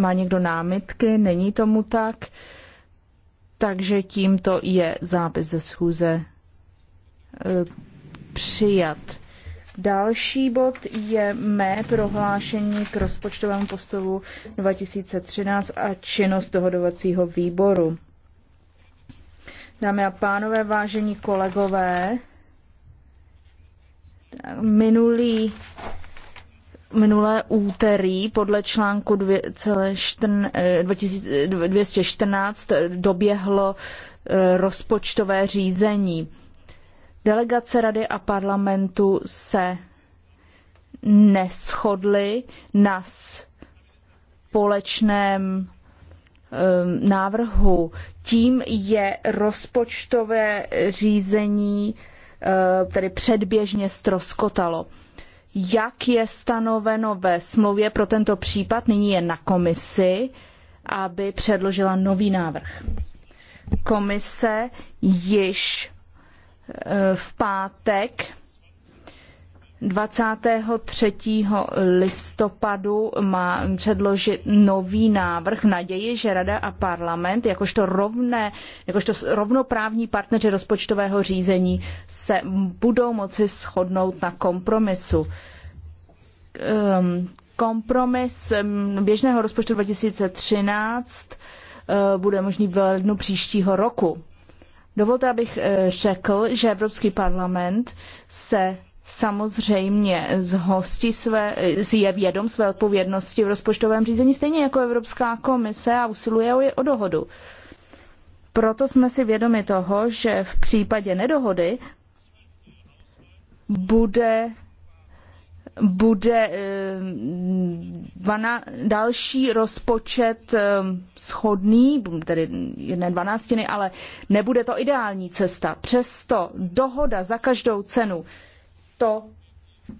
Má někdo námitky? Není tomu tak. Takže tímto je zápis ze schůze e, přijat. Další bod je mé prohlášení k rozpočtovému postovu 2013 a činnost dohodovacího výboru. Dámy a pánové, vážení kolegové, minulý minulé úterý podle článku 214 eh, doběhlo eh, rozpočtové řízení. Delegace Rady a parlamentu se neschodly na společném eh, návrhu. Tím je rozpočtové řízení tedy předběžně stroskotalo jak je stanoveno ve smlouvě pro tento případ. Nyní je na komisi, aby předložila nový návrh. Komise již eh, v pátek 23. listopadu má předložit nový návrh v naději, že Rada a parlament, jakožto, rovné, jakožto rovnoprávní partneři rozpočtového řízení, se budou moci shodnout na kompromisu. Ehm, kompromis ehm, běžného rozpočtu 2013 eh, bude možný v lednu příštího roku. Dovolte, abych eh, řekl, že Evropský parlament se samozřejmě zhostí své, je vědom své odpovědnosti v rozpočtovém řízení, stejně jako Evropská komise a usiluje o, o dohodu. Proto jsme si vědomi toho, že v případě nedohody bude bude eh, dvana, další rozpočet eh, schodný, tedy jedné dvanáctiny, ale nebude to ideální cesta. Přesto dohoda za každou cenu to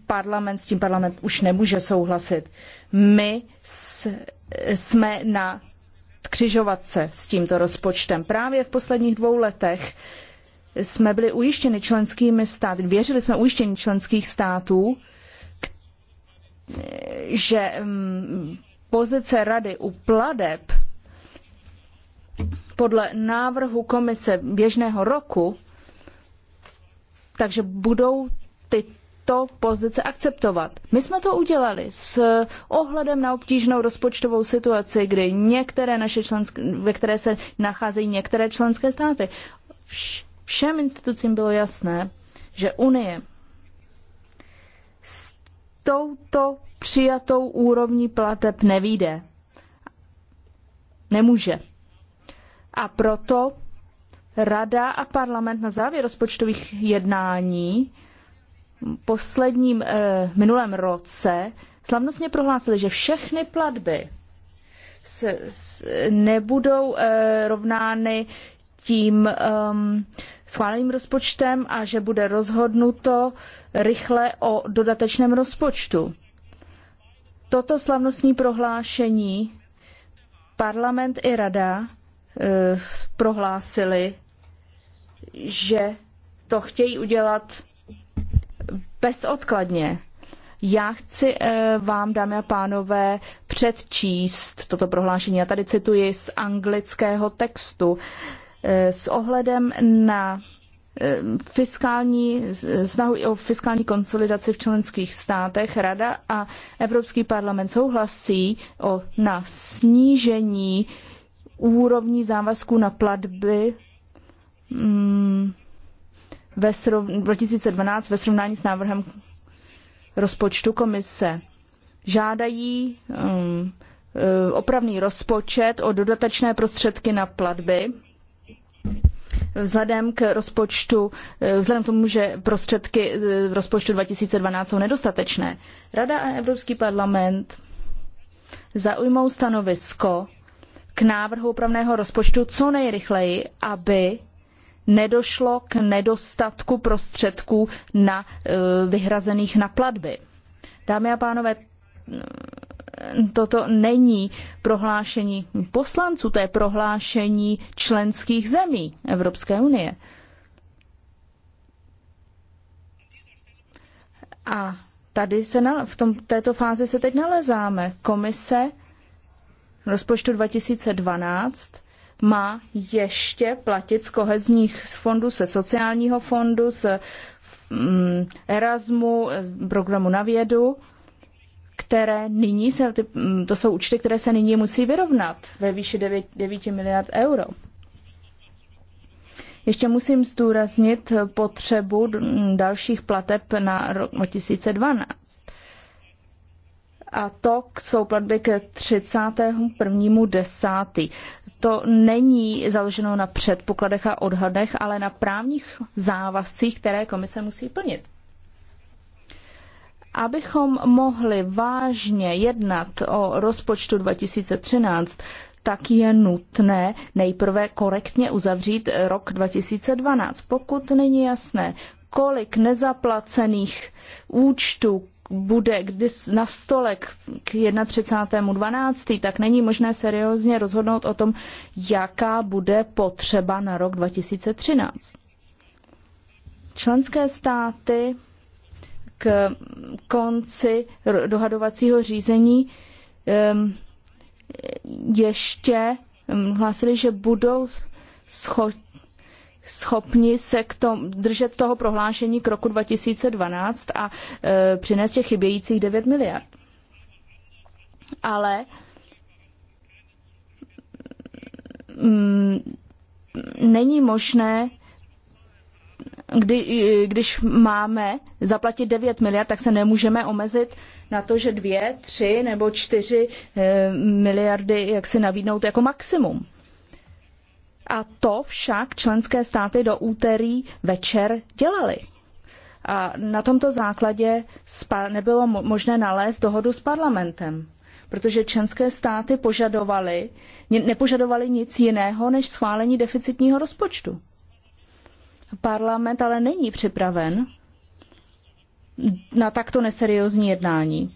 parlament, s tím parlament už nemůže souhlasit. My jsme na křižovatce s tímto rozpočtem. Právě v posledních dvou letech jsme byli ujištěni členskými státy, věřili jsme ujištění členských států, že mm, pozice rady u pladeb podle návrhu komise běžného roku, takže budou tyto pozice akceptovat. My jsme to udělali s ohledem na obtížnou rozpočtovou situaci, kdy některé naše členské, ve které se nacházejí některé členské státy. Všem institucím bylo jasné, že Unie s touto přijatou úrovní plateb nevíde. Nemůže. A proto Rada a parlament na závěr rozpočtových jednání posledním eh, minulém roce slavnostně prohlásili, že všechny platby se, nebudou eh, rovnány tím um, schváleným rozpočtem a že bude rozhodnuto rychle o dodatečném rozpočtu. Toto slavnostní prohlášení parlament i rada eh, prohlásili, že to chtějí udělat bezodkladně. Já chci eh, vám, dámy a pánové, předčíst toto prohlášení. Já tady cituji z anglického textu. Eh, s ohledem na eh, fiskální, snahu o fiskální konsolidaci v členských státech, Rada a Evropský parlament souhlasí o, na snížení úrovní závazků na platby mm, ve srov, 2012 ve srovnání s návrhem rozpočtu komise. Žádají um, uh, opravný rozpočet o dodatečné prostředky na platby vzhledem k rozpočtu, eh, vzhledem k tomu, že prostředky eh, v rozpočtu 2012 jsou nedostatečné. Rada a Evropský parlament zaujmou stanovisko k návrhu opravného rozpočtu co nejrychleji, aby nedošlo k nedostatku prostředků na e, vyhrazených na platby. Dámy a pánové, toto není prohlášení poslanců, to je prohlášení členských zemí Evropské unie. A tady se na, v tom, této fázi se teď nalezáme. Komise rozpočtu 2012 má ještě platit z kohezních fondů, se sociálního fondu, z mm, Erasmu, z programu na vědu, které nyní se, ty, mm, to jsou účty, které se nyní musí vyrovnat ve výši 9, 9 miliard euro. Ještě musím zdůraznit potřebu mm, dalších plateb na rok 2012. A to jsou platby k 10 to není založeno na předpokladech a odhadech, ale na právních závazcích, které komise musí plnit. Abychom mohli vážně jednat o rozpočtu 2013, tak je nutné nejprve korektně uzavřít rok 2012. Pokud není jasné, kolik nezaplacených účtů bude kdy na stole k 31.12., tak není možné seriózně rozhodnout o tom, jaká bude potřeba na rok 2013. Členské státy k konci dohadovacího řízení ještě hlásili, že budou schopni schopni se k tom, držet toho prohlášení k roku 2012 a e, přinést těch chybějících 9 miliard. Ale mm, není možné, kdy, když máme zaplatit 9 miliard, tak se nemůžeme omezit na to, že 2, 3 nebo 4 e, miliardy jak si nabídnout jako maximum. A to však členské státy do úterý večer dělaly. A na tomto základě nebylo možné nalézt dohodu s parlamentem, protože členské státy požadovali, nepožadovaly nic jiného než schválení deficitního rozpočtu. Parlament ale není připraven na takto neseriózní jednání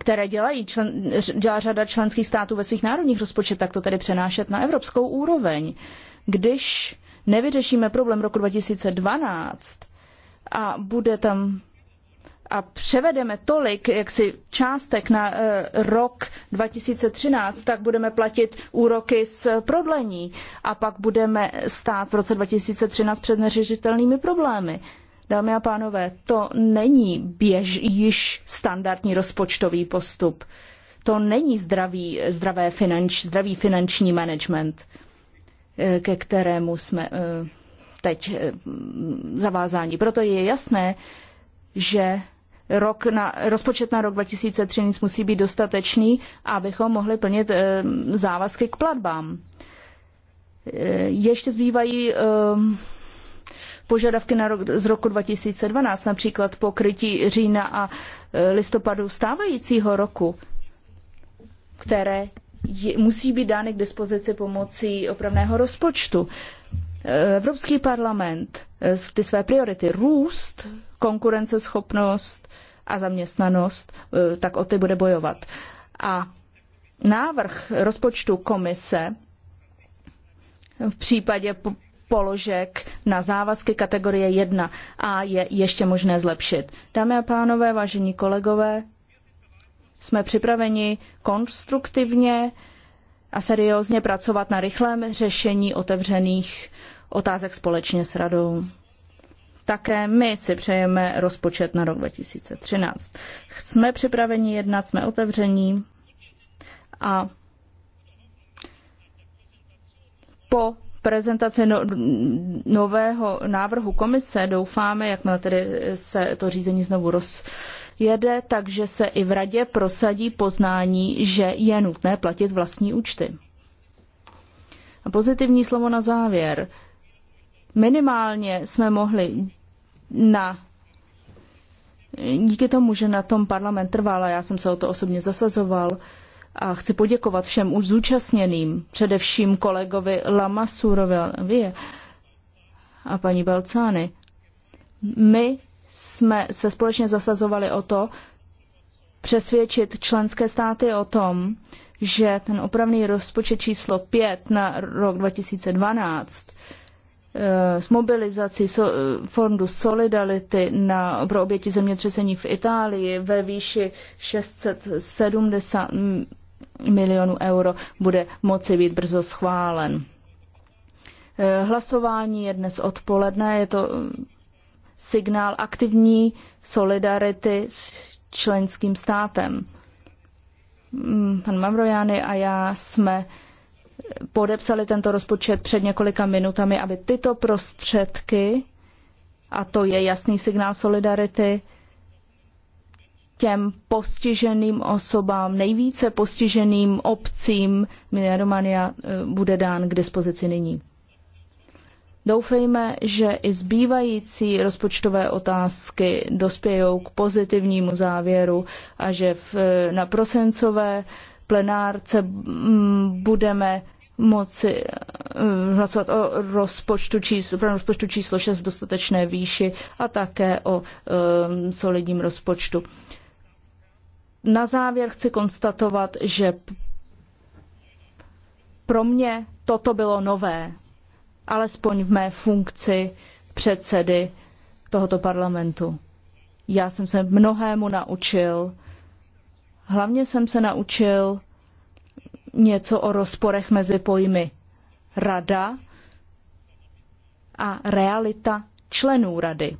které dělají člen, dělá řada členských států ve svých národních rozpočtech, tak to tedy přenášet na evropskou úroveň. Když nevyřešíme problém roku 2012 a bude tam a převedeme tolik jaksi částek na e, rok 2013, tak budeme platit úroky z prodlení a pak budeme stát v roce 2013 před neřešitelnými problémy. Dámy a pánové, to není běž, již standardní rozpočtový postup. To není zdravý, zdravé finanč, zdravý finanční management, eh, ke kterému jsme eh, teď eh, zavázáni. Proto je jasné, že rok na, rozpočet na rok 2013 musí být dostatečný, abychom mohli plnit závazky k platbám. Ještě zbývají požadavky na rok, z roku 2012, například pokrytí října a e, listopadu stávajícího roku, které je, musí být dány k dispozici pomocí opravného rozpočtu. E, Evropský parlament e, ty své priority růst, konkurenceschopnost a zaměstnanost, tak o ty bude bojovat. A návrh rozpočtu komise v případě položek na závazky kategorie 1 a je ještě možné zlepšit. Dámy a pánové, vážení kolegové, jsme připraveni konstruktivně a seriózně pracovat na rychlém řešení otevřených otázek společně s radou. Také my si přejeme rozpočet na rok 2013. Jsme připraveni jednat, jsme otevření a po prezentaci no, nového návrhu komise doufáme, jakmile tedy se to řízení znovu rozjede, takže se i v radě prosadí poznání, že je nutné platit vlastní účty. A pozitivní slovo na závěr. Minimálně jsme mohli na díky tomu, že na tom parlament trval a já jsem se o to osobně zasazoval, a chci poděkovat všem už zúčastněným, především kolegovi Lamasurovi a paní Balcány. My jsme se společně zasazovali o to, přesvědčit členské státy o tom, že ten opravný rozpočet číslo 5 na rok 2012 eh, s mobilizací eh, fondu Solidarity na, pro oběti zemětřesení v Itálii ve výši 670 milionů euro bude moci být brzo schválen. Eh, hlasování je dnes odpoledne, je to eh, signál aktivní solidarity s členským státem. Mm, pan Mavrojany a já jsme podepsali tento rozpočet před několika minutami, aby tyto prostředky, a to je jasný signál solidarity, těm postiženým osobám, nejvíce postiženým obcím Milia Romania eh, bude dán k dispozici nyní. Doufejme, že i zbývající rozpočtové otázky dospějou k pozitivnímu závěru a že v, eh, na prosencové plenárce mm, budeme moci eh, hlasovat o rozpočtu číslo, rozpočtu číslo 6 v dostatečné výši a také o um, solidním rozpočtu na závěr chci konstatovat, že pro mě toto bylo nové, alespoň v mé funkci předsedy tohoto parlamentu. Já jsem se mnohému naučil. Hlavně jsem se naučil něco o rozporech mezi pojmy rada a realita členů rady.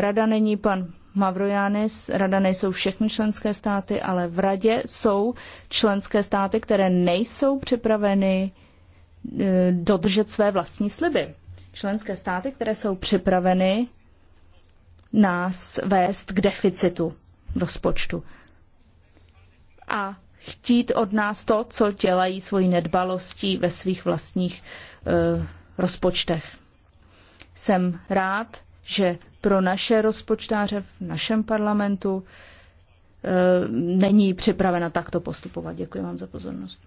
Rada není pan Mavrojanis, rada nejsou všechny členské státy, ale v radě jsou členské státy, které nejsou připraveny e, dodržet své vlastní sliby. Členské státy, které jsou připraveny nás vést k deficitu rozpočtu. A chtít od nás to, co dělají svoji nedbalostí ve svých vlastních uh, rozpočtech. Jsem rád, že pro naše rozpočtáře v našem parlamentu eh, není připravena takto postupovat. Děkuji vám za pozornost.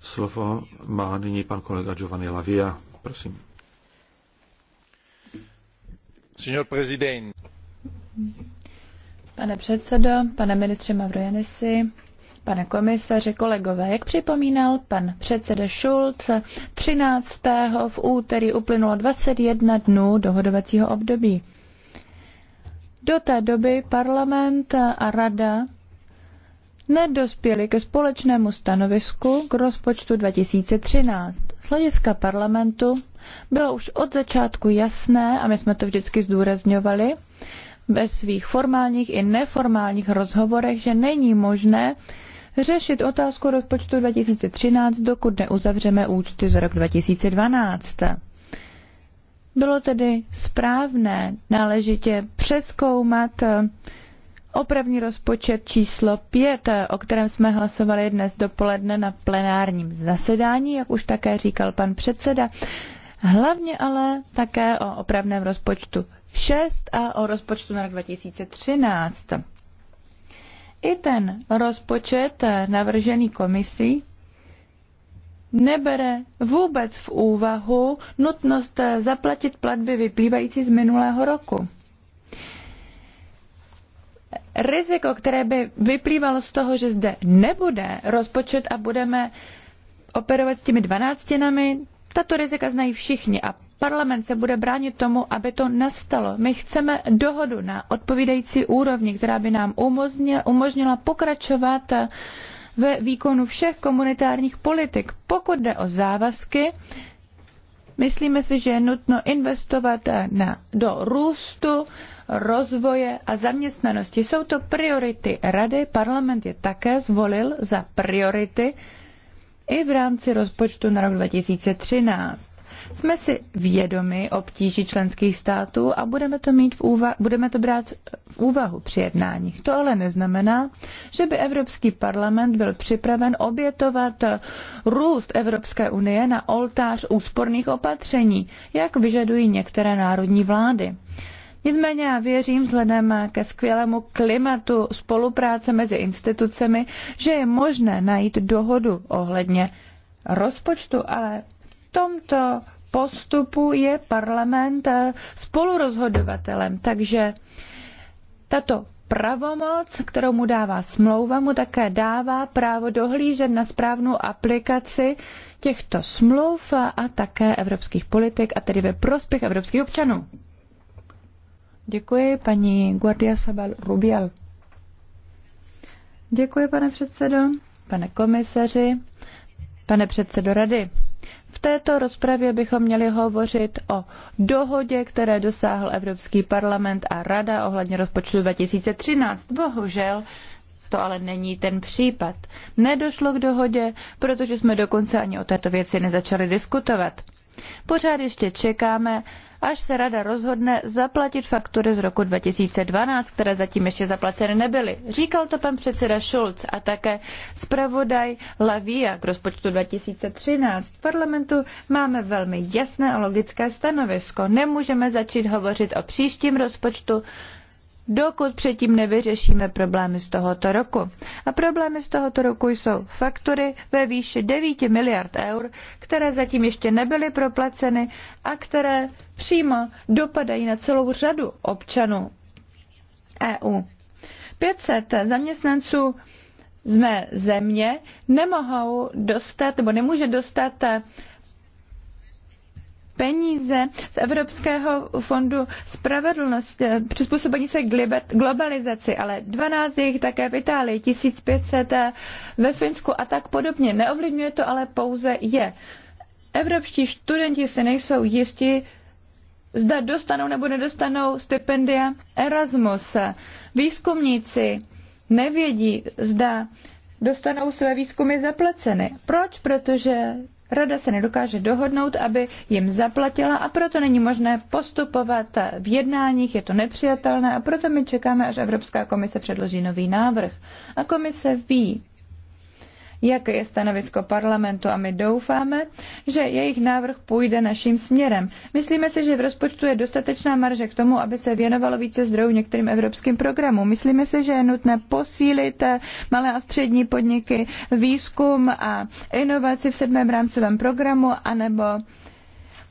Slovo má nyní pan kolega Giovanni Lavia. Prosím. Signor Presidente. Pane předsedo, pane ministře Mavrojanisi, pane komisaře, kolegové, jak připomínal pan předseda Schulz, 13. v úterý uplynulo 21 dnů dohodovacího období. Do té doby parlament a rada nedospěli ke společnému stanovisku k rozpočtu 2013. Z hlediska parlamentu bylo už od začátku jasné, a my jsme to vždycky zdůrazňovali, ve svých formálních i neformálních rozhovorech, že není možné řešit otázku rozpočtu 2013, dokud neuzavřeme účty z rok 2012. Bylo tedy správné náležitě přeskoumat eh, opravní rozpočet číslo 5, eh, o kterém jsme hlasovali dnes dopoledne na plenárním zasedání, jak už také říkal pan předseda. Hlavně ale také o opravném rozpočtu 6 a o rozpočtu na rok 2013. I ten rozpočet eh, navržený komisí nebere vůbec v úvahu nutnost eh, zaplatit platby vyplývající z minulého roku. Riziko, které by vyplývalo z toho, že zde nebude rozpočet a budeme operovat s těmi dvanáctinami, tato rizika znají všichni a Parlament se bude bránit tomu, aby to nastalo. My chceme dohodu na odpovídající úrovni, která by nám umožnila pokračovat ve výkonu všech komunitárních politik. Pokud jde o závazky, myslíme si, že je nutno investovat na, do růstu, rozvoje a zaměstnanosti. Jsou to priority Rady, parlament je také zvolil za priority i v rámci rozpočtu na rok 2013. Jsme si vědomi obtíží členských států a budeme to, mít v úva- budeme to brát v úvahu při jednáních. To ale neznamená, že by Evropský parlament byl připraven obětovat růst Evropské unie na oltář úsporných opatření, jak vyžadují některé národní vlády. Nicméně já věřím vzhledem ke skvělému klimatu spolupráce mezi institucemi, že je možné najít dohodu ohledně rozpočtu, ale v tomto postupu je parlament eh, spolurozhodovatelem, takže tato pravomoc, kterou mu dává smlouva, mu také dává právo dohlížet na správnou aplikaci těchto smluv a také evropských politik, a tedy ve prospěch evropských občanů. Děkuji, paní Guardia Sabal Rubial. Děkuji, pane předsedo, pane komisaři, pane předsedo rady. V této rozpravě bychom měli hovořit o dohodě, které dosáhl Evropský parlament a Rada ohledně rozpočtu 2013. Bohužel to ale není ten případ. Nedošlo k dohodě, protože jsme dokonce ani o této věci nezačali diskutovat. Pořád ještě čekáme až se rada rozhodne zaplatit faktury z roku 2012, které zatím ještě zaplaceny nebyly. Říkal to pan předseda Schulz a také zpravodaj Lavia k rozpočtu 2013. V parlamentu máme velmi jasné a logické stanovisko. Nemůžeme začít hovořit o příštím rozpočtu, dokud předtím nevyřešíme problémy z tohoto roku. A problémy z tohoto roku jsou faktury ve výši 9 miliard eur, které zatím ještě nebyly proplaceny a které přímo dopadají na celou řadu občanů EU. 500 zaměstnanců z mé země nemohou dostat nebo nemůže dostat peníze z Evropského fondu spravedlnost, eh, přizpůsobení se globalizaci, ale 12 jich také v Itálii, 1500 eh, ve Finsku a tak podobně. Neovlivňuje to ale pouze je. Evropští studenti si nejsou jisti, zda dostanou nebo nedostanou stipendia Erasmus. Výzkumníci nevědí, zda dostanou své výzkumy zaplaceny. Proč? Protože Rada se nedokáže dohodnout, aby jim zaplatila a proto není možné postupovat v jednáních, je to nepřijatelné a proto my čekáme, až Evropská komise předloží nový návrh. A komise ví, jaké je stanovisko parlamentu a my doufáme, že jejich návrh půjde naším směrem. Myslíme si, že v rozpočtu je dostatečná marže k tomu, aby se věnovalo více zdrojů některým evropským programům. Myslíme si, že je nutné posílit eh, malé a střední podniky, výzkum a inovaci v sedmém rámcovém programu, anebo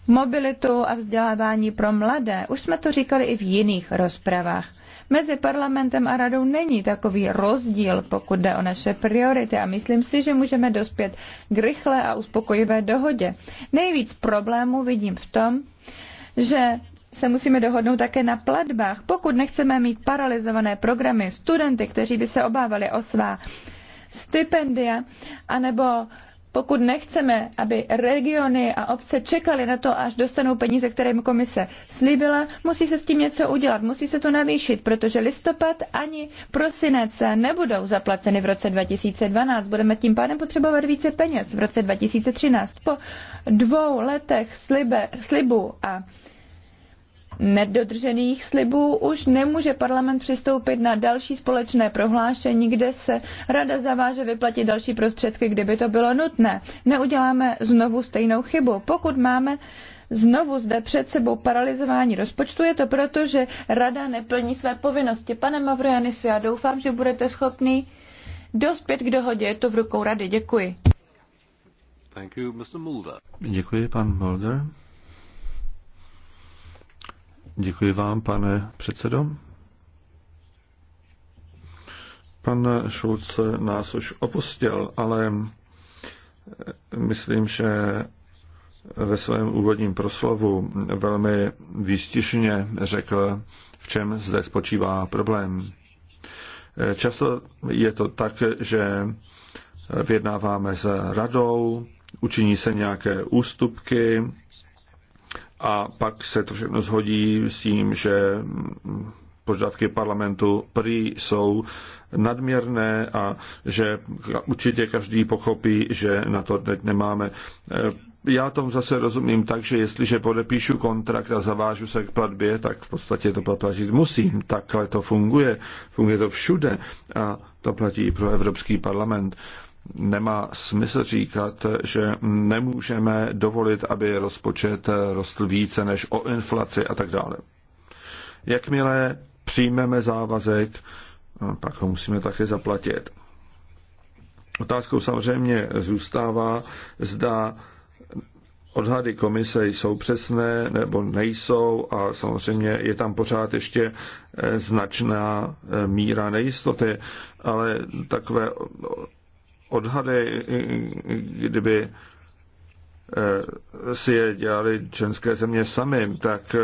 mobilitu a vzdělávání pro mladé. Už jsme to říkali i v jiných rozpravách. Mezi parlamentem a radou není takový rozdíl, pokud jde o naše priority a myslím si, že můžeme dospět k rychlé a uspokojivé dohodě. Nejvíc problémů vidím v tom, že se musíme dohodnout také na platbách. Pokud nechceme mít paralizované programy studenty, kteří by se obávali o svá stipendia, anebo pokud nechceme, aby regiony a obce čekaly na to, až dostanou peníze, které jim komise slíbila, musí se s tím něco udělat, musí se to navýšit, protože listopad ani prosinec nebudou zaplaceny v roce 2012. Budeme tím pádem potřebovat více peněz v roce 2013. Po dvou letech slibe, slibu a nedodržených slibů už nemůže parlament přistoupit na další společné prohlášení, kde se rada zaváže vyplatit další prostředky, kdyby to bylo nutné. Neuděláme znovu stejnou chybu. Pokud máme znovu zde před sebou paralizování rozpočtu, je to proto, že rada neplní své povinnosti. Pane Mavrojanis, já doufám, že budete schopný dospět k dohodě. Je to v rukou rady. Děkuji. Thank you, Mr. Mulder. Děkuji, pan Mulder. Děkuji vám, pane předsedo. Pan Šulce nás už opustil, ale myslím, že ve svém úvodním proslovu velmi výstižně řekl, v čem zde spočívá problém. Často je to tak, že vyjednáváme s radou, učiní se nějaké ústupky, a pak se to všechno shodí s tím, že požadavky parlamentu prý jsou nadměrné a že určitě každý pochopí, že na to teď nemáme. E, já tomu zase rozumím tak, že jestliže podepíšu kontrakt a zavážu se k platbě, tak v podstatě to platit musím. Takhle to funguje. Funguje to všude a to platí i pro Evropský parlament nemá smysl říkat, že nemůžeme dovolit, aby rozpočet rostl více než o inflaci a tak dále. Jakmile přijmeme závazek, pak ho musíme také zaplatit. Otázkou samozřejmě zůstává, zda odhady komise jsou přesné nebo nejsou a samozřejmě je tam pořád ještě značná míra nejistoty, ale takové odhady, kdyby e, si je dělali členské země sami, tak e,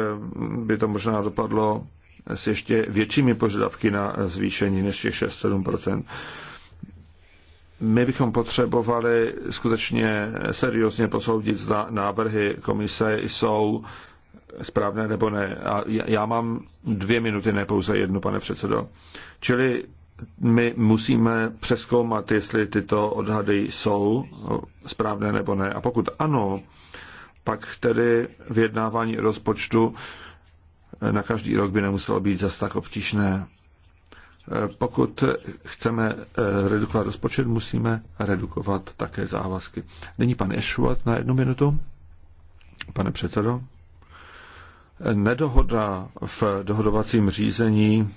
by to možná dopadlo s ještě většími požadavky na zvýšení než těch 6-7 My bychom potřebovali skutečně seriózně posoudit, zda návrhy komise jsou správné nebo ne. A já mám dvě minuty, ne pouze jednu, pane předsedo. Čili my musíme přeskoumat, jestli tyto odhady jsou správné nebo ne. A pokud ano, pak tedy vyjednávání rozpočtu na každý rok by nemuselo být zas tak obtížné. Pokud chceme redukovat rozpočet, musíme redukovat také závazky. Není pan Ešuat na jednu minutu? Pane předsedo? Nedohoda v dohodovacím řízení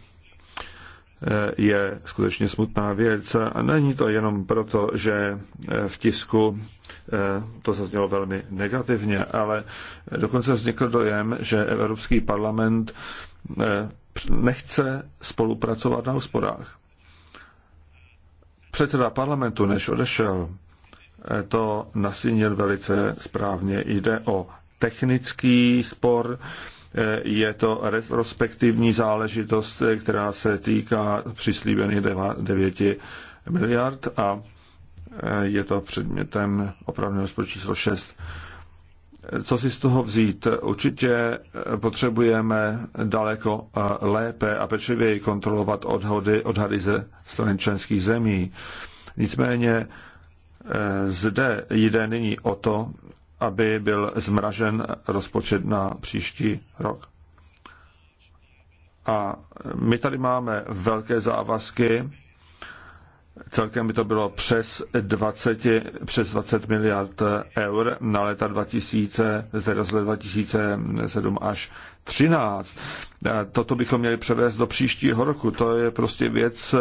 je skutečně smutná věc a není to jenom proto, že eh, v tisku eh, to zaznělo velmi negativně, ale dokonce vznikl dojem, že Evropský parlament eh, nechce spolupracovat na hospodách. Předseda parlamentu, než odešel, to nasínil velice správně. Jde o technický spor, je to retrospektivní záležitost, která se týká přislíbených 9 miliard a e, je to předmětem opravdu rozpočtu číslo 6. Co si z toho vzít? Určitě e, potřebujeme daleko e, lépe a pečlivěji kontrolovat odhody, odhady ze strany členských zemí. Nicméně zde jde nyní o to, aby byl zmražen rozpočet na příští rok. A my tady máme velké závazky, celkem by to bylo přes 20, přes 20 miliard eur na leta 2000, z let 2007 až 13. Toto bychom měli převést do příštího roku. To je prostě věc,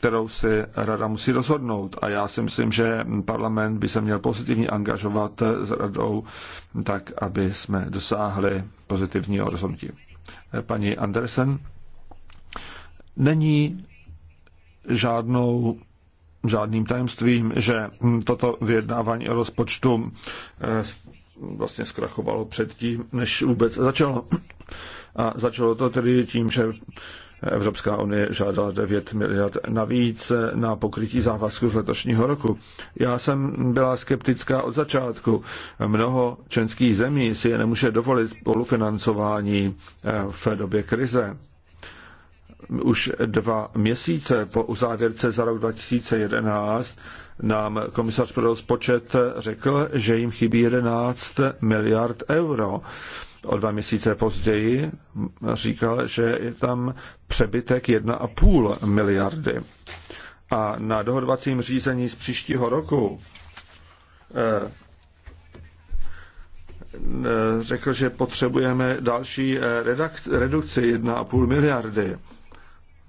kterou si rada musí rozhodnout. A já si myslím, že parlament by se měl pozitivně angažovat s radou, tak aby jsme dosáhli pozitivního rozhodnutí. Paní Andersen, není žádnou žádným tajemstvím, že toto vyjednávání o rozpočtu eh, vlastně zkrachovalo předtím, než vůbec začalo. A začalo to tedy tím, že Evropská unie žádala 9 miliard navíc na pokrytí závazku z letošního roku. Já jsem byla skeptická od začátku. Mnoho členských zemí si je nemůže dovolit spolufinancování eh, v době krize už dva měsíce po uzávěrce za rok 2011 nám komisař pro rozpočet řekl, že jim chybí 11 miliard euro o dva měsíce později říkal, že je tam přebytek 1,5 miliardy. A na dohodovacím řízení z příštího roku eh, řekl, že potřebujeme další eh, redukci 1,5 miliardy.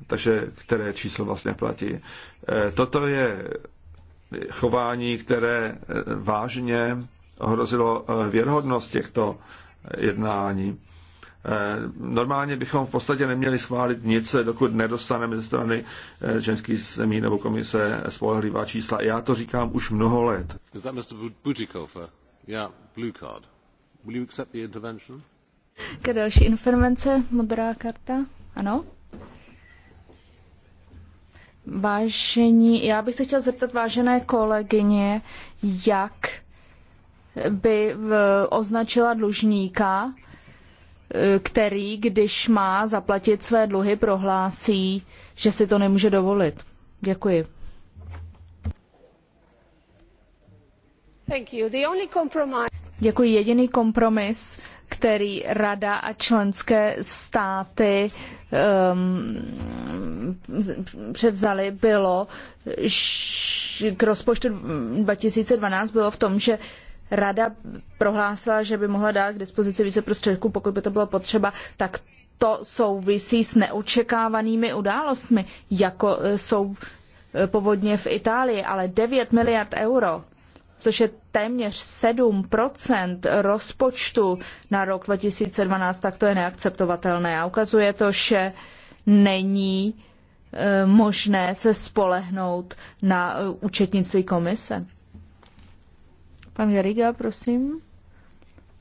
Takže které číslo vlastně platí. Eh, toto je chování, které vážně ohrozilo věrhodnost těchto jednání. Eh, normálně bychom v podstatě neměli schválit nic, dokud nedostaneme ze strany eh, ženský zemí nebo komise spolehlivá čísla. Já to říkám už mnoho let. Ke další informace, modrá karta. Ano? Vážení, já bych se chtěl zeptat vážené kolegyně, jak by eh, označila dlužníka, eh, který, když má zaplatit své dluhy, prohlásí, že si to nemůže dovolit. Děkuji. Děkuji. Jediný kompromis, který Rada a členské státy um, převzali, bylo k rozpočtu 2012 bylo v tom, že rada prohlásila, že by mohla dát k dispozici více prostředků, pokud by to bylo potřeba, tak to souvisí s neočekávanými událostmi, jako e, jsou e, povodně v Itálii, ale 9 miliard euro, což je téměř 7 rozpočtu na rok 2012, tak to je neakceptovatelné. A ukazuje to, že není e, možné se spolehnout na účetnictví komise. Pan Jariga, prosím,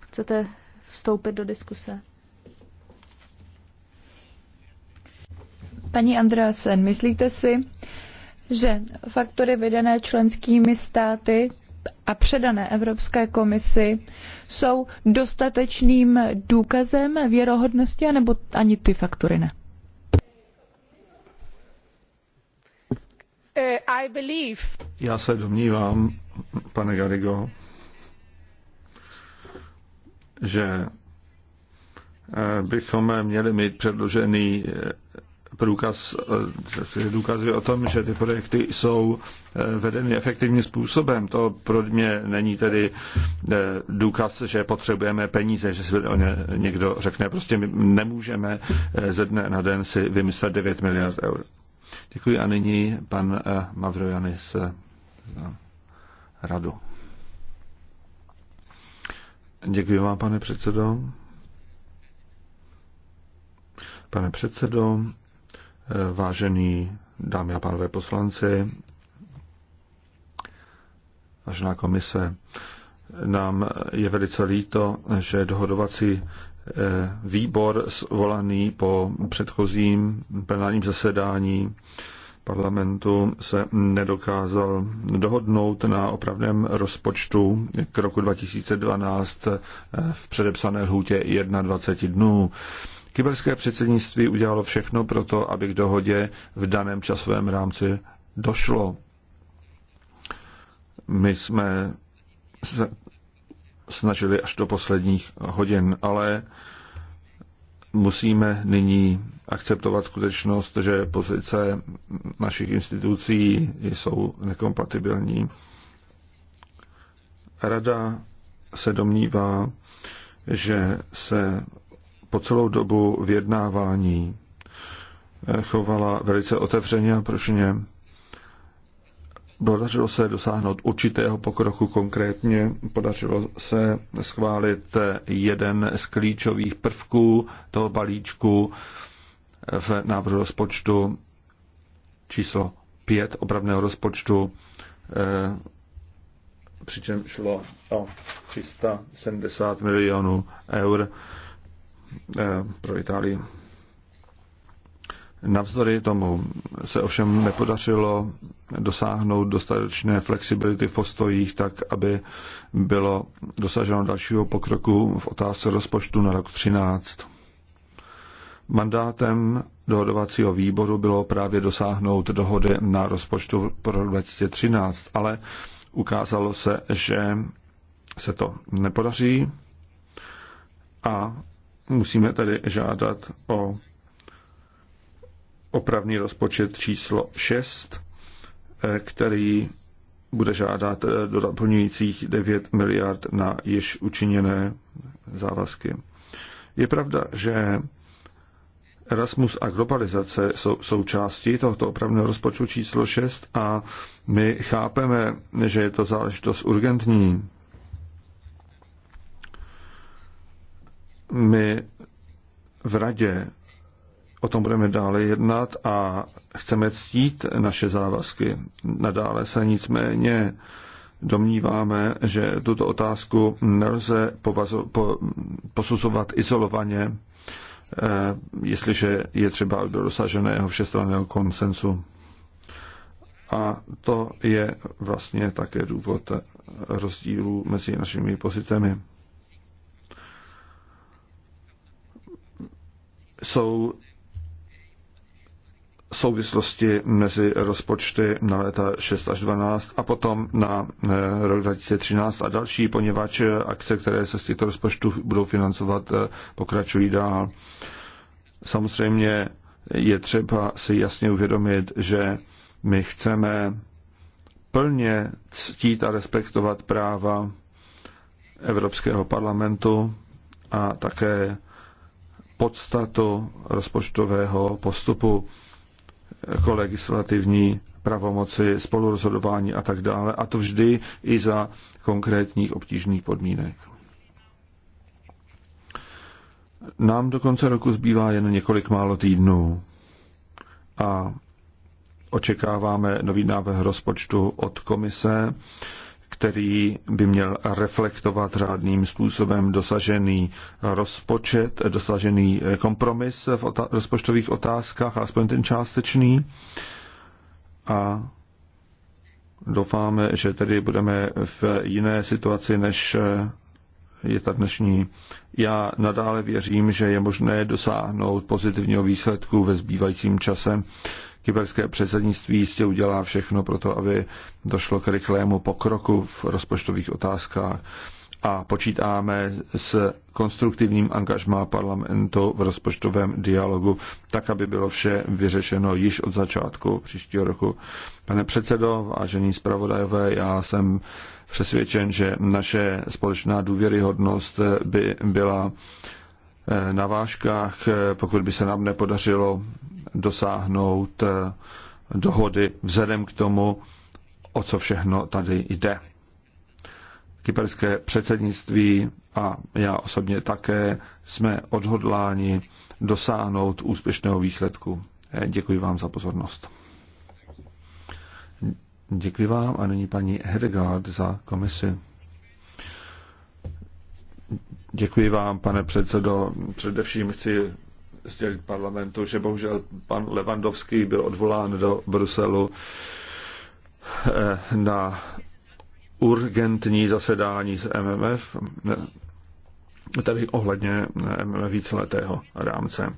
chcete vstoupit do diskuse? Paní Andreasen, myslíte si, že faktory vydané členskými státy a předané Evropské komisi jsou dostatečným důkazem věrohodnosti, anebo ani ty faktory ne? Eh, Já se domnívám, pane Garigo, že eh, bychom měli mít předložený eh, průkaz, důkazy o tom, že ty projekty jsou vedeny efektivním způsobem. To pro mě není tedy důkaz, že potřebujeme peníze, že si o ně někdo řekne. Prostě my nemůžeme ze dne na den si vymyslet 9 miliard eur. Děkuji a nyní pan eh, Mavrojanis eh, radu. Děkuji vám, pane předsedo. Pane předsedo, eh, vážený dámy a pánové poslanci, vážená komise, nám je velice líto, že dohodovací Eh, výbor zvolaný po předchozím plenárním zasedání parlamentu se nedokázal dohodnout na opravném rozpočtu k roku 2012 eh, v předepsané lhůtě 21 dnů. Kyberské předsednictví udělalo všechno pro to, aby k dohodě v daném časovém rámci došlo. My jsme snažili až do posledních hodin, ale musíme nyní akceptovat skutečnost, že pozice našich institucí jsou nekompatibilní. Rada se domnívá, že se po celou dobu vyjednávání chovala velice otevřeně a prošně. Podařilo se dosáhnout určitého pokroku konkrétně, podařilo se schválit jeden z klíčových prvků toho balíčku v návrhu rozpočtu číslo 5 opravného rozpočtu, eh, přičem šlo o 370 milionů eur eh, pro Itálii. Navzdory tomu se ovšem nepodařilo dosáhnout dostatečné flexibility v postojích tak, aby bylo dosaženo dalšího pokroku v otázce rozpočtu na rok 13. Mandátem dohodovacího výboru bylo právě dosáhnout dohody na rozpočtu pro rok 2013, ale ukázalo se, že se to nepodaří a musíme tedy žádat o opravný rozpočet číslo 6, eh, který bude žádat eh, doplňujících 9 miliard na již učiněné závazky. Je pravda, že Erasmus a globalizace jsou součástí tohoto opravného rozpočtu číslo 6 a my chápeme, že je to záležitost urgentní. My v radě O tom budeme dále jednat a chceme ctít naše závazky. Nadále se nicméně domníváme, že tuto otázku nelze povazo- po- posuzovat izolovaně, eh, jestliže je třeba dosaženého všestranného konsensu. A to je vlastně také důvod rozdílů mezi našimi pozicemi. Jsou souvislosti mezi rozpočty na léta 6 až 12 a potom na eh, rok 2013 a další, poněvadž eh, akce, které se z těchto rozpočtů budou financovat, eh, pokračují dál. Samozřejmě je třeba si jasně uvědomit, že my chceme plně ctít a respektovat práva Evropského parlamentu a také podstatu rozpočtového postupu jako legislativní pravomoci, spolurozhodování a tak dále, a to vždy i za konkrétních obtížných podmínek. Nám do konce roku zbývá jen několik málo týdnů a očekáváme nový návrh rozpočtu od komise který by měl reflektovat řádným způsobem dosažený rozpočet, dosažený eh, kompromis v ota- rozpočtových otázkách, alespoň ten částečný. A doufáme, že tedy budeme v jiné situaci než eh, je ta dnešní. Já nadále věřím, že je možné dosáhnout pozitivního výsledku ve zbývajícím čase. Kyberské předsednictví jistě udělá všechno pro to, aby došlo k rychlému pokroku v rozpočtových otázkách a počítáme s konstruktivním angažmá parlamentu v rozpočtovém dialogu, tak, aby bylo vše vyřešeno již od začátku příštího roku. Pane předsedo, vážení zpravodajové, já jsem přesvědčen, že naše společná důvěryhodnost by byla eh, na vážkách, eh, pokud by se nám nepodařilo dosáhnout eh, dohody vzhledem k tomu, o co všechno tady jde. Kyperské předsednictví a já osobně také jsme odhodláni dosáhnout úspěšného výsledku. Děkuji vám za pozornost. Děkuji vám a nyní paní Hedegaard za komisi. Děkuji vám, pane předsedo. Především chci sdělit parlamentu, že bohužel pan Levandovský byl odvolán do Bruselu eh, na urgentní zasedání z MMF, eh, tedy ohledně MMF víceletého rámce.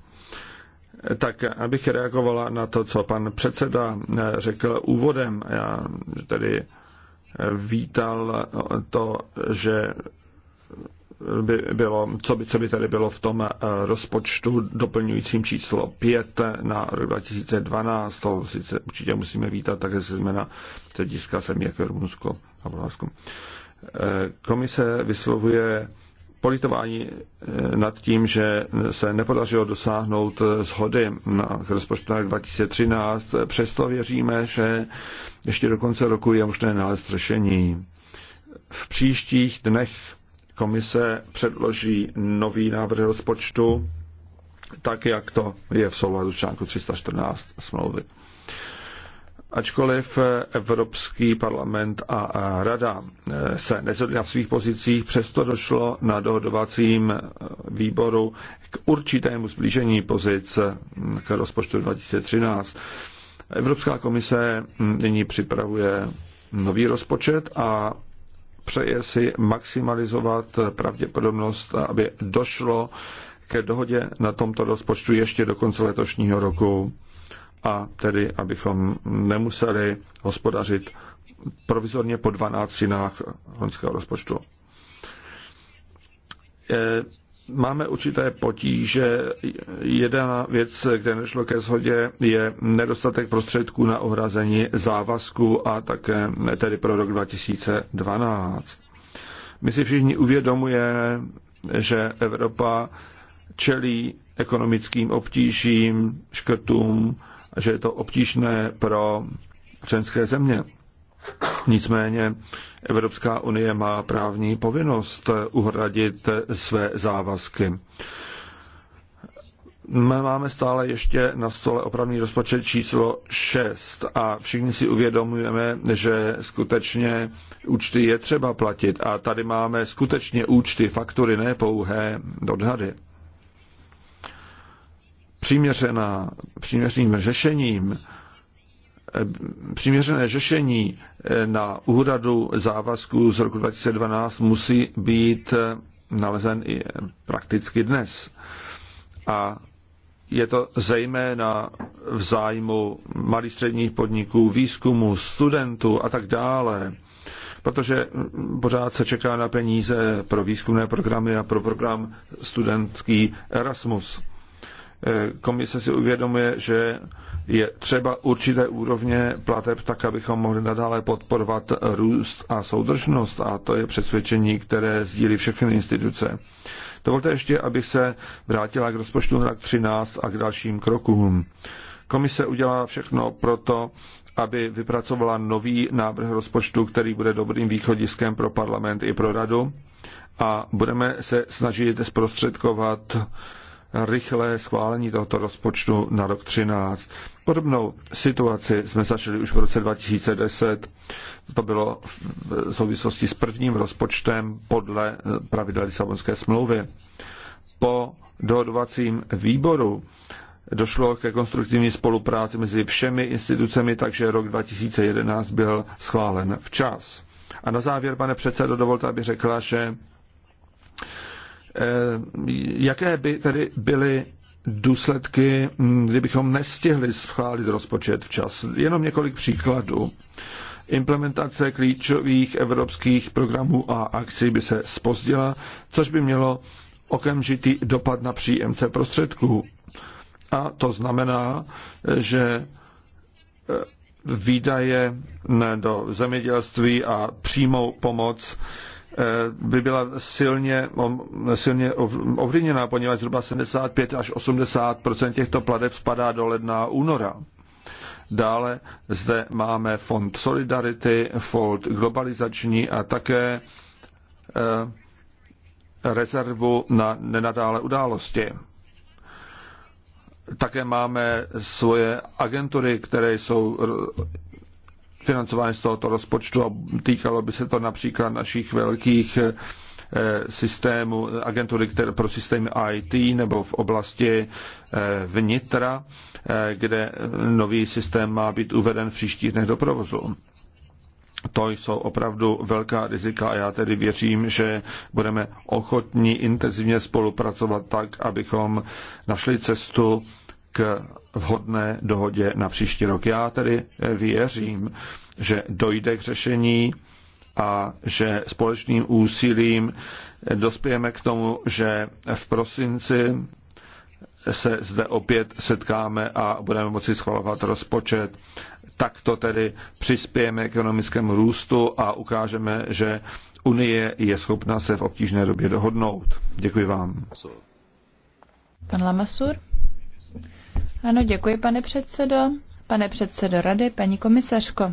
Tak abych reagovala na to, co pan předseda eh, řekl úvodem. Já tedy eh, vítal eh, to, že by bylo, co by, co by tady bylo v tom rozpočtu doplňujícím číslo 5 na rok 2012. To sice určitě musíme vítat, také zejména hlediska zemí jako Rumunsko a Bulharsko. Komise vyslovuje politování eh, nad tím, že se nepodařilo dosáhnout eh, shody na rozpočtu na 2013. Přesto věříme, že ještě do konce roku je možné nalézt řešení. V příštích dnech komise předloží nový návrh rozpočtu, tak jak to je v souladu s článku 314 smlouvy. Ačkoliv eh, Evropský parlament a Rada eh, se nezhodli na svých pozicích, přesto došlo na dohodovacím eh, výboru k určitému zblížení pozic k rozpočtu 2013. Evropská komise hm, nyní připravuje nový rozpočet a přeje si maximalizovat pravděpodobnost, aby došlo ke dohodě na tomto rozpočtu ještě do konce letošního roku a tedy abychom nemuseli hospodařit provizorně po 12 loňského rozpočtu. E, máme určité potíže. Jedna věc, kde nešlo ke shodě, je nedostatek prostředků na ohrazení závazku a také tedy pro rok 2012. My si všichni uvědomujeme, že Evropa čelí ekonomickým obtížím, škrtům, že je to obtížné pro členské země. Nicméně Evropská unie má právní povinnost uhradit své závazky. My máme stále ještě na stole opravný rozpočet číslo 6 a všichni si uvědomujeme, že skutečně účty je třeba platit a tady máme skutečně účty, faktury, ne pouhé odhady přiměřená, přiměřeným řešením, eh, přiměřené řešení eh, na úhradu závazků z roku 2012 musí být eh, nalezen i prakticky dnes. A je to zejména v zájmu malých středních podniků, výzkumu, studentů a tak dále, protože hm, pořád se čeká na peníze pro výzkumné programy a pro program studentský Erasmus komise si uvědomuje, že je třeba určité úrovně plateb tak, abychom mohli nadále podporovat růst a soudržnost a to je přesvědčení, které sdílí všechny instituce. Dovolte ještě, abych se vrátila k rozpočtu na 13 a k dalším krokům. Komise udělá všechno proto, aby vypracovala nový návrh rozpočtu, který bude dobrým východiskem pro parlament i pro radu a budeme se snažit zprostředkovat rychlé schválení tohoto rozpočtu na rok 13. Podobnou situaci jsme začali už v roce 2010. To bylo v souvislosti s prvním rozpočtem podle pravidel Lisabonské smlouvy. Po dohodovacím výboru došlo ke konstruktivní spolupráci mezi všemi institucemi, takže rok 2011 byl schválen včas. A na závěr, pane předsedo, dovolte, aby řekla, že Eh, jaké by tedy byly důsledky, hm, kdybychom nestihli schválit rozpočet včas? Jenom několik příkladů. Implementace klíčových evropských programů a akcí by se spozdila, což by mělo okamžitý dopad na příjemce prostředků. A to znamená, že eh, výdaje do zemědělství a přímou pomoc Eh, by byla silně, silně ovlivněná, poněvadž zhruba 75 až 80 těchto pladeb spadá do ledna února. Dále zde máme fond Solidarity, fond globalizační a také eh, rezervu na nenadále události. Také máme svoje agentury, které jsou financování z tohoto rozpočtu a týkalo by se to například našich velkých eh, systému agentury pro systémy IT nebo v oblasti eh, vnitra, eh, kde nový systém má být uveden v příštích dnech do provozu. To jsou opravdu velká rizika a já tedy věřím, že budeme ochotní intenzivně spolupracovat tak, abychom našli cestu k vhodné dohodě na příští rok. Já tedy eh, věřím, že dojde k řešení a že společným úsilím eh, dospějeme k tomu, že v prosinci se zde opět setkáme a budeme moci schvalovat rozpočet. Takto tedy přispějeme k ekonomickému růstu a ukážeme, že Unie je schopna se v obtížné době dohodnout. Děkuji vám. Pan Lamasur? Ano, děkuji, pane předsedo. Pane předsedo rady, paní komisařko.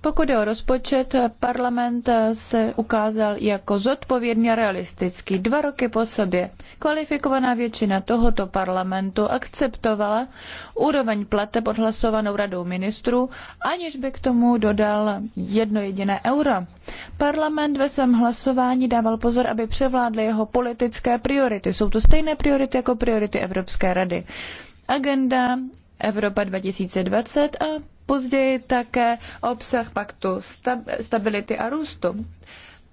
Pokud je o rozpočet, parlament se ukázal jako zodpovědně realistický. Dva roky po sobě kvalifikovaná většina tohoto parlamentu akceptovala úroveň plateb odhlasovanou radou ministrů, aniž by k tomu dodal jedno jediné euro. Parlament ve svém hlasování dával pozor, aby převládly jeho politické priority. Jsou to stejné priority jako priority Evropské rady agenda Evropa 2020 a později také obsah paktu stability a růstu.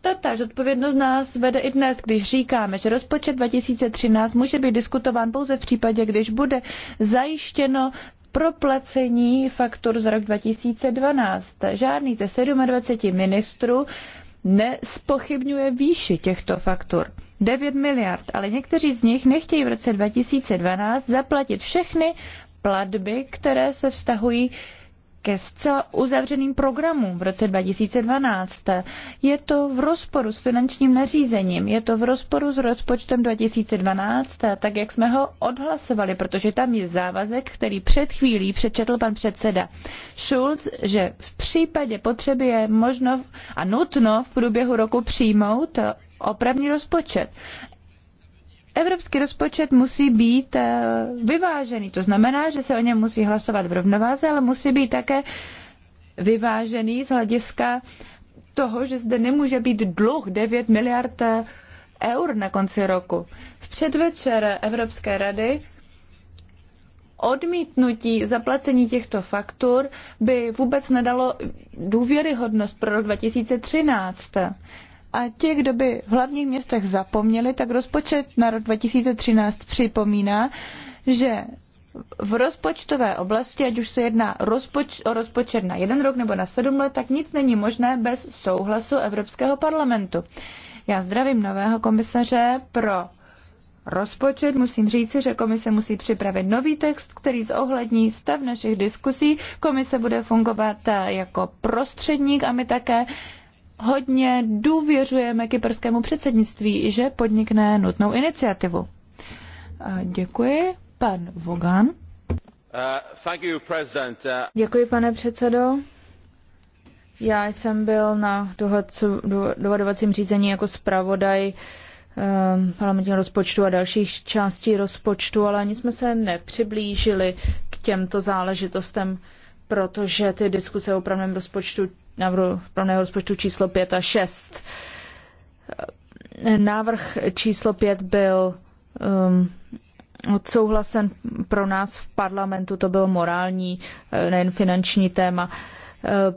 Tatáž odpovědnost nás vede i dnes, když říkáme, že rozpočet 2013 může být diskutován pouze v případě, když bude zajištěno proplacení faktur z rok 2012. Žádný ze 27 ministrů nespochybňuje výši těchto faktur. 9 miliard, ale někteří z nich nechtějí v roce 2012 zaplatit všechny platby, které se vztahují ke zcela uzavřeným programům v roce 2012. Je to v rozporu s finančním nařízením, je to v rozporu s rozpočtem 2012, tak jak jsme ho odhlasovali, protože tam je závazek, který před chvílí přečetl pan předseda Schulz, že v případě potřeby je možno a nutno v průběhu roku přijmout opravní rozpočet. Evropský rozpočet musí být eh, vyvážený, to znamená, že se o něm musí hlasovat v rovnováze, ale musí být také vyvážený z hlediska toho, že zde nemůže být dluh 9 miliard eh, eur na konci roku. V předvečer Evropské rady odmítnutí zaplacení těchto faktur by vůbec nedalo důvěryhodnost pro rok 2013. A ti, kdo by v hlavních městech zapomněli, tak rozpočet na rok 2013 připomíná, že v rozpočtové oblasti, ať už se jedná rozpoč- o rozpočet na jeden rok nebo na sedm let, tak nic není možné bez souhlasu Evropského parlamentu. Já zdravím nového komisaře pro rozpočet. Musím říci, že komise musí připravit nový text, který zohlední stav našich diskusí. Komise bude fungovat eh, jako prostředník a my také hodně důvěřujeme kyperskému předsednictví, že podnikne nutnou iniciativu. děkuji. Pan Vogan. Uh, uh, děkuji, pane předsedo. Já jsem byl na dohodovacím řízení jako zpravodaj um, parlamentního rozpočtu a dalších částí rozpočtu, ale ani jsme se nepřiblížili k těmto záležitostem, protože ty diskuse o opravném rozpočtu návrhu právného rozpočtu číslo 5 a 6. Návrh číslo 5 byl um, odsouhlasen pro nás v parlamentu, to bylo morální, eh, nejen finanční téma. Eh,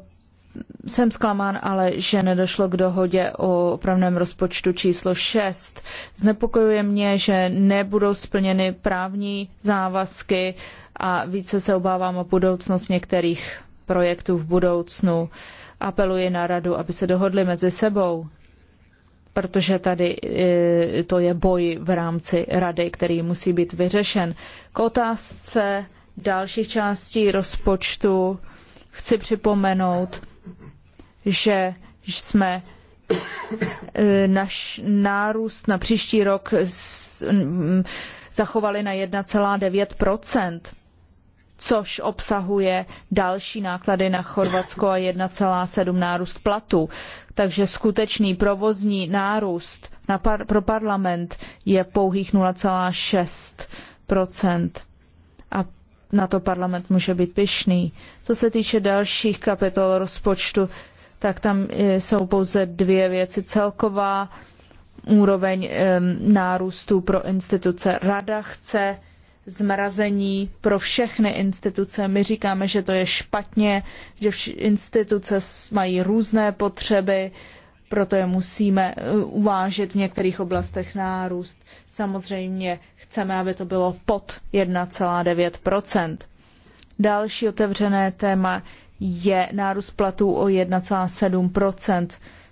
jsem zklamán ale, že nedošlo k dohodě o opravném rozpočtu číslo 6. Znepokojuje mě, že nebudou splněny právní závazky a více se obávám o budoucnost některých projektů v budoucnu. Uh, apeluji na radu, aby se dohodli mezi sebou, protože tady e, to je boj v rámci rady, který musí být vyřešen. K otázce dalších částí rozpočtu chci připomenout, že jsme e, náš nárůst na příští rok zachovali na 1,9 což obsahuje další náklady na Chorvatsko a 1,7 nárůst platů. Takže skutečný provozní nárůst na par- pro parlament je pouhých 0,6 A na to parlament může být pyšný. Co se týče dalších kapitol rozpočtu, tak tam eh, jsou pouze dvě věci. Celková úroveň nárůstu pro instituce. Rada chce zmrazení pro všechny instituce. My říkáme, že to je špatně, že instituce mají různé potřeby, proto je musíme uh, uvážit v některých oblastech nárůst. Samozřejmě chceme, aby to bylo pod 1,9 Další otevřené téma je nárůst platů o 1,7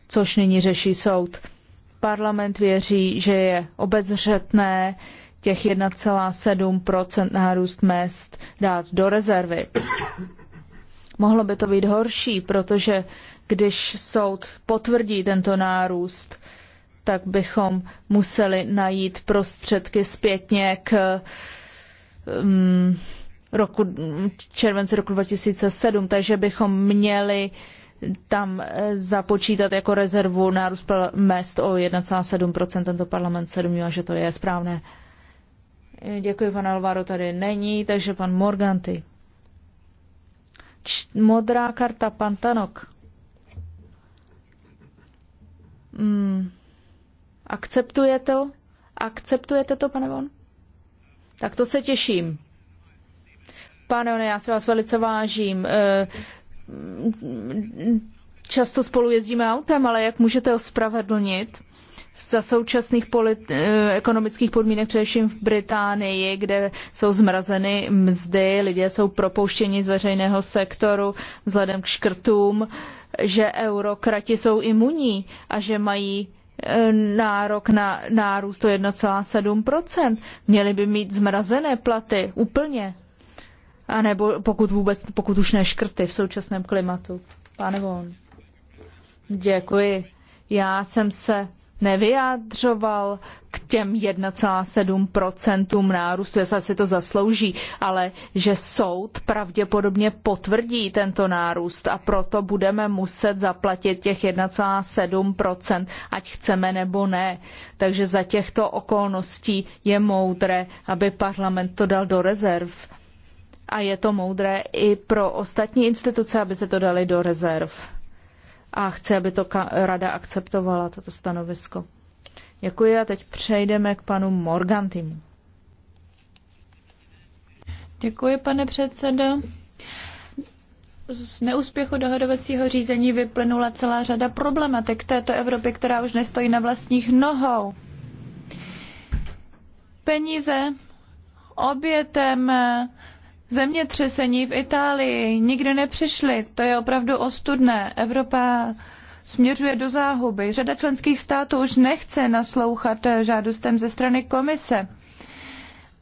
což nyní řeší soud. Parlament věří, že je obezřetné, těch 1,7 nárůst mest dát do rezervy. Mohlo by to být horší, protože když soud potvrdí tento nárůst, tak bychom museli najít prostředky zpětně k um, roku, července roku 2007, takže bychom měli tam eh, započítat jako rezervu nárůst mest o 1,7%. Tento parlament se domnívá, že to je správné. Děkuji, pan Alvaro tady není, takže pan Morganty. Č- modrá karta, pan Tanok. Hmm. Akceptuje to? Akceptujete to, pane Von? Tak to se těším. Pane, já si vás velice vážím. Eh, mm, často spolu jezdíme autem, ale jak můžete ospravedlnit? za současných polit, eh, ekonomických podmínek, především v Británii, kde jsou zmrazeny mzdy, lidé jsou propouštěni z veřejného sektoru vzhledem k škrtům, že eurokrati jsou imunní a že mají eh, nárok na nárůst o 1,7%. Měli by mít zmrazené platy úplně. A nebo pokud vůbec, pokud už neškrty v současném klimatu. Pane Von. Děkuji. Já jsem se nevyjádřoval k těm 1,7% nárůstu, jestli si to zaslouží, ale že soud pravděpodobně potvrdí tento nárůst a proto budeme muset zaplatit těch 1,7%, ať chceme nebo ne. Takže za těchto okolností je moudré, aby parlament to dal do rezerv. A je to moudré i pro ostatní instituce, aby se to dali do rezerv a chci, aby to rada akceptovala, toto stanovisko. Děkuji a teď přejdeme k panu Morgantimu. Děkuji, pane předsedo. Z neúspěchu dohodovacího řízení vyplynula celá řada problematik této Evropy, která už nestojí na vlastních nohou. Peníze obětem zemětřesení v Itálii nikdy nepřišly. To je opravdu ostudné. Evropa směřuje do záhuby. Řada členských států už nechce naslouchat žádostem ze strany komise.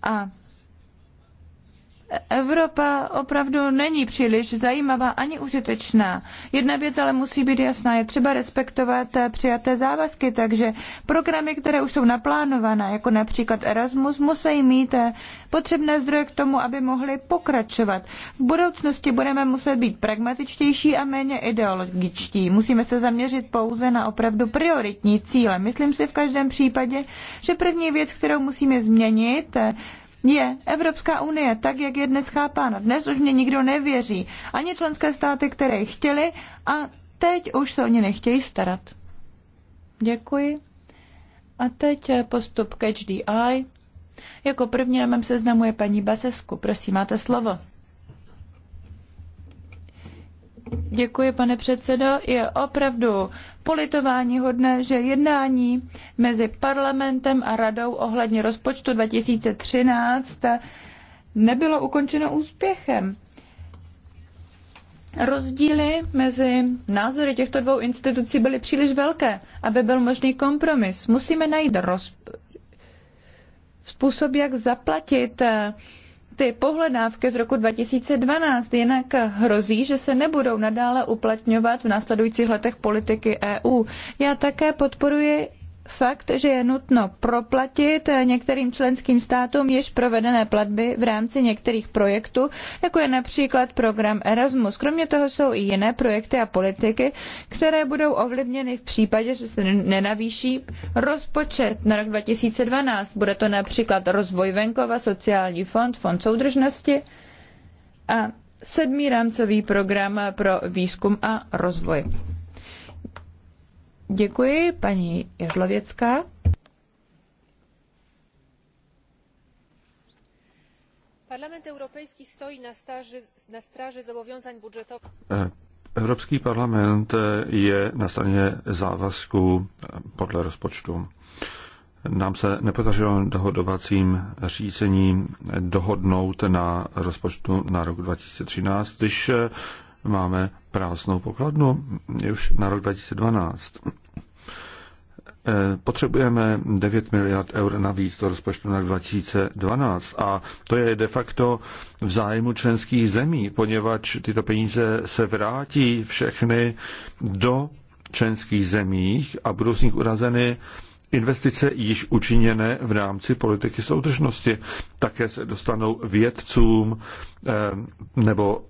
A Evropa opravdu není příliš zajímavá ani užitečná. Jedna věc ale musí být jasná, je třeba respektovat přijaté závazky, takže programy, které už jsou naplánované, jako například Erasmus, musí mít potřebné zdroje k tomu, aby mohly pokračovat. V budoucnosti budeme muset být pragmatičtější a méně ideologičtí. Musíme se zaměřit pouze na opravdu prioritní cíle. Myslím si v každém případě, že první věc, kterou musíme změnit, je Evropská unie tak, jak je dnes chápána. Dnes už mě nikdo nevěří. Ani členské státy, které chtěli a teď už se o ně nechtějí starat. Děkuji. A teď eh, postup k HDI. Jako první na mém seznamu je paní Basesku. Prosím, máte slovo. Děkuji, pane předsedo. Je opravdu politování hodné, že jednání mezi parlamentem a radou ohledně rozpočtu 2013 nebylo ukončeno úspěchem. Rozdíly mezi názory těchto dvou institucí byly příliš velké, aby byl možný kompromis. Musíme najít roz... způsob, jak zaplatit uh, ty pohledávky z roku 2012, jinak hrozí, že se nebudou nadále uplatňovat v následujících letech politiky EU. Já také podporuji fakt, že je nutno proplatit některým členským státům již provedené platby v rámci některých projektů, jako je například program Erasmus. Kromě toho jsou i jiné projekty a politiky, které budou ovlivněny v případě, že se nenavýší rozpočet na rok 2012. Bude to například rozvoj venkova, sociální fond, fond soudržnosti a sedmý rámcový program pro výzkum a rozvoj. Děkuji, paní Ježlověcká. Parlament Europejski stojí na, na zobowiązań budżetowych. E, Evropský parlament je na straně závazků podle rozpočtu. Nám se nepodařilo dohodovacím řízením dohodnout na rozpočtu na rok 2013, když máme prázdnou pokladnu už na rok 2012. Eh, potřebujeme 9 miliard eur navíc do rozpočtu na 2012 a to je de facto v zájmu členských zemí, poněvadž tyto peníze se vrátí všechny do členských zemích a budou z nich urazeny investice již učiněné v rámci politiky soudržnosti. Také se dostanou vědcům eh, nebo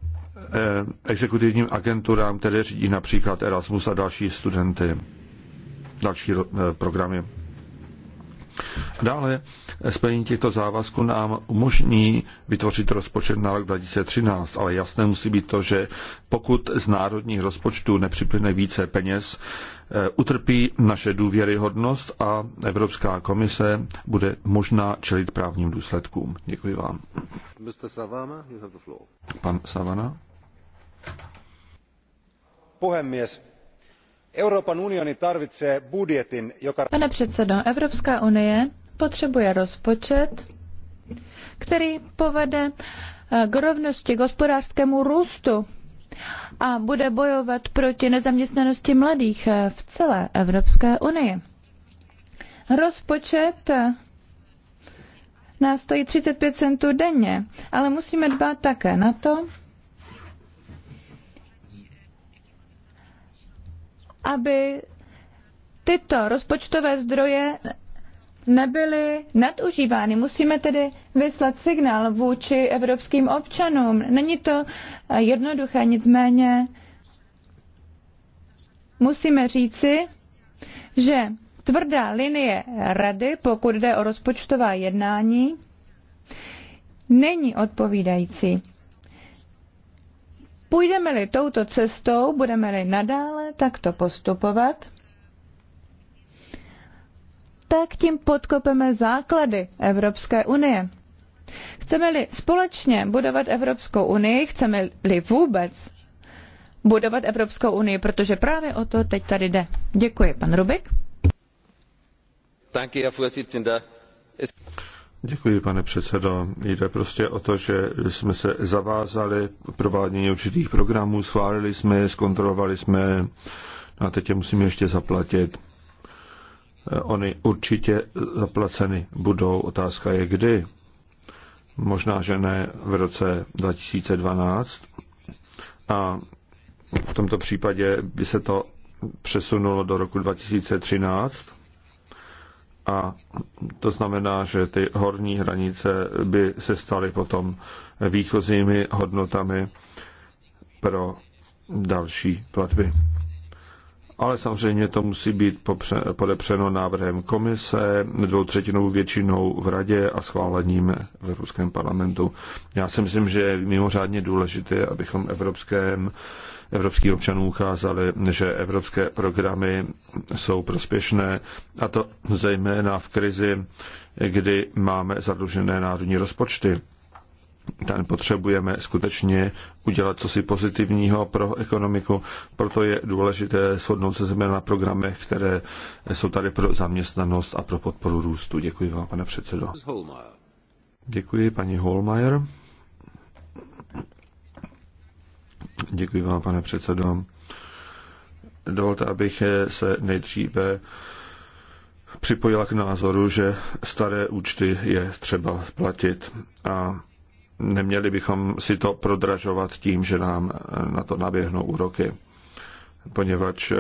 Eh, exekutivním agenturám, které řídí například Erasmus a další studenty, další eh, programy. Dále eh, splnění těchto závazků nám umožní vytvořit rozpočet na rok 2013, ale jasné musí být to, že pokud z národních rozpočtů nepřiplyne více peněz, utrpí naše důvěryhodnost a Evropská komise bude možná čelit právním důsledkům. Děkuji vám. Pan Savana puhemies euroopan unioni tarvitsee budjetin joka. pane předsedo evropská unie potřebuje rozpočet který povede eh, k rovnosti k hospodářskému růstu a bude bojovat proti nezaměstnanosti mladých eh, v celé Evropské unii. Rozpočet eh, nás stojí 35 centů denně, ale musíme dbát také na to, aby tyto rozpočtové zdroje nebyly nadužívány. Musíme tedy vyslat signál vůči evropským občanům. Není to jednoduché, nicméně musíme říci, že tvrdá linie rady, pokud jde o rozpočtová jednání, není odpovídající. Půjdeme-li touto cestou, budeme-li nadále takto postupovat, tak tím podkopeme základy Evropské unie. Chceme-li společně budovat Evropskou unii, chceme-li vůbec budovat Evropskou unii, protože právě o to teď tady jde. Děkuji, pan Rubik. Danke, Herr Děkuji, pane předsedo. Jde prostě o to, že jsme se zavázali provádění určitých programů, schválili jsme je, zkontrolovali jsme je no a teď je musíme ještě zaplatit. Ony určitě zaplaceny budou, otázka je kdy. Možná, že ne v roce 2012 a v tomto případě by se to přesunulo do roku 2013 a to znamená, že ty horní hranice by se staly potom výchozími hodnotami pro další platby ale samozřejmě to musí být podepřeno návrhem komise, dvoutřetinovou většinou v radě a schválením v Evropském parlamentu. Já si myslím, že je mimořádně důležité, abychom evropském evropským občanům ukázali, že evropské programy jsou prospěšné, a to zejména v krizi, kdy máme zadlužené národní rozpočty tam potřebujeme skutečně udělat cosi pozitivního pro ekonomiku, proto je důležité shodnout se zejména na programech, které jsou tady pro zaměstnanost a pro podporu růstu. Děkuji vám, pane předsedo. Děkuji, paní Holmeier. Děkuji vám, pane předsedo. Dovolte, abych se nejdříve připojila k názoru, že staré účty je třeba platit. A neměli bychom si to prodražovat tím, že nám eh, na to naběhnou úroky, poněvadž eh,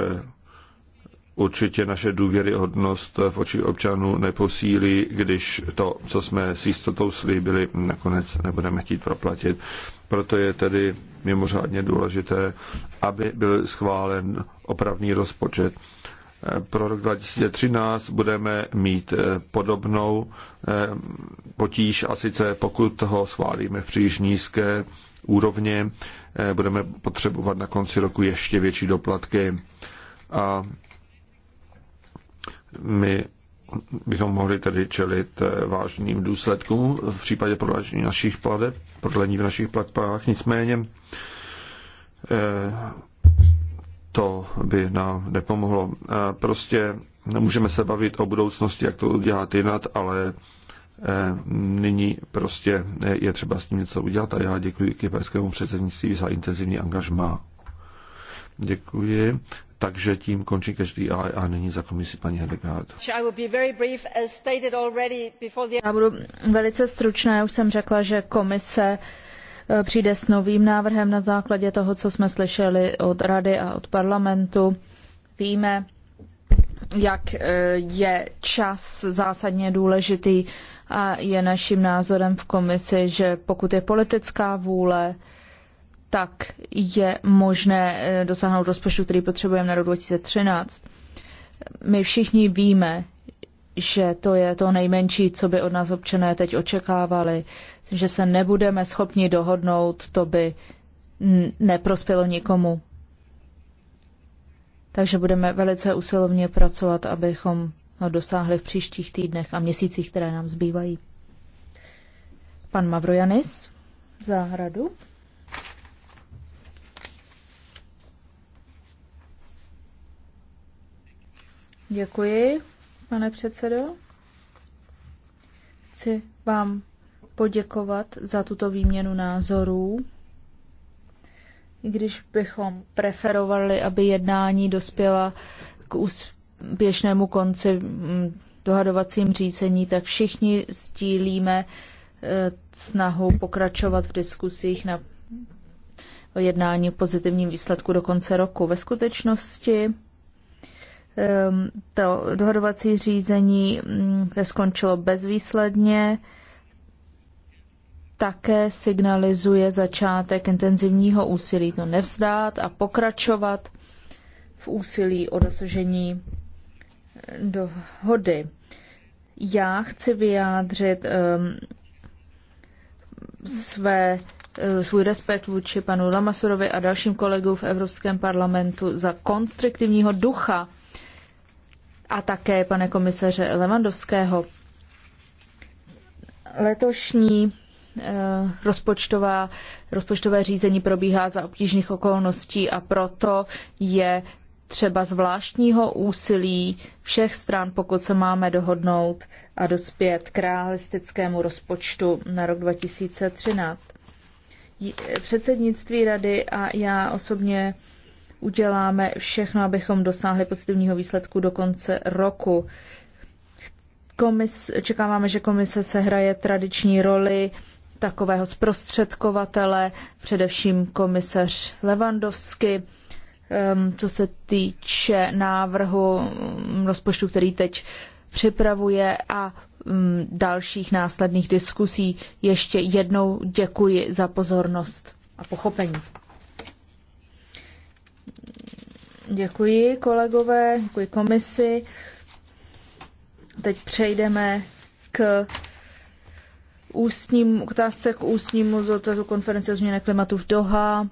určitě naše důvěryhodnost v očích občanů neposílí, když to, co jsme s jistotou slíbili, nakonec nebudeme chtít proplatit. Proto je tedy mimořádně důležité, aby byl schválen opravný rozpočet pro rok 2013 budeme mít eh, podobnou eh, potíž a sice pokud ho schválíme v příliš nízké úrovně, eh, budeme potřebovat na konci roku ještě větší doplatky a my bychom mohli tedy čelit vážným důsledkům v případě prodlení našich plateb, prodlení v našich platbách. Nicméně to by nám nepomohlo. Prostě můžeme se bavit o budoucnosti, jak to udělat jinak, ale e, nyní prostě je třeba s tím něco udělat a já děkuji kyperskému předsednictví za intenzivní angažmá. Děkuji. Takže tím končí každý a, a nyní za komisi paní Hedegaard. Já budu velice stručná, já už jsem řekla, že komise uh, Eh, přijde s novým návrhem na základě toho, co jsme slyšeli od Rady a od parlamentu. Víme, jak eh, je čas zásadně důležitý a je naším názorem v komisi, že pokud je politická vůle, tak je možné eh, dosáhnout rozpočtu, který potřebujeme na rok 2013. My všichni víme, že to je to nejmenší, co by od nás občané teď očekávali že se nebudeme schopni dohodnout, to by neprospělo nikomu. Takže budeme velice usilovně pracovat, abychom ho dosáhli v příštích týdnech a měsících, které nám zbývají. Pan Mavrojanis záhradu. Děkuji, pane předsedo. Chci vám poděkovat za tuto výměnu názorů, když bychom preferovali, aby jednání dospěla k úspěšnému konci mm, dohadovacím řízení, tak všichni stílíme eh, snahu pokračovat v diskusích na jednání o pozitivním výsledku do konce roku. Ve skutečnosti ehm, to dohodovací řízení mm, skončilo bezvýsledně také signalizuje začátek intenzivního úsilí to nevzdát a pokračovat v úsilí o dosažení eh, dohody. Já chci vyjádřit um, své, eh, svůj respekt vůči panu Lamasurovi a dalším kolegům v Evropském parlamentu za konstruktivního ducha a také pane komisaře Levandovského. Letošní Eh, rozpočtová, rozpočtové řízení probíhá za obtížných okolností a proto je třeba zvláštního úsilí všech stran, pokud se máme dohodnout a dospět k realistickému rozpočtu na rok 2013. Předsednictví rady a já osobně uděláme všechno, abychom dosáhli pozitivního výsledku do konce roku. Komis, čekáváme, že komise se hraje tradiční roli takového zprostředkovatele, především komisař Levandovsky, um, co se týče návrhu um, rozpočtu, který teď připravuje a um, dalších následných diskusí. Ještě jednou děkuji za pozornost a pochopení. Děkuji kolegové, děkuji komisi. Teď přejdeme k ústním, k otázce k ústnímu z konference o změně klimatu v Doha.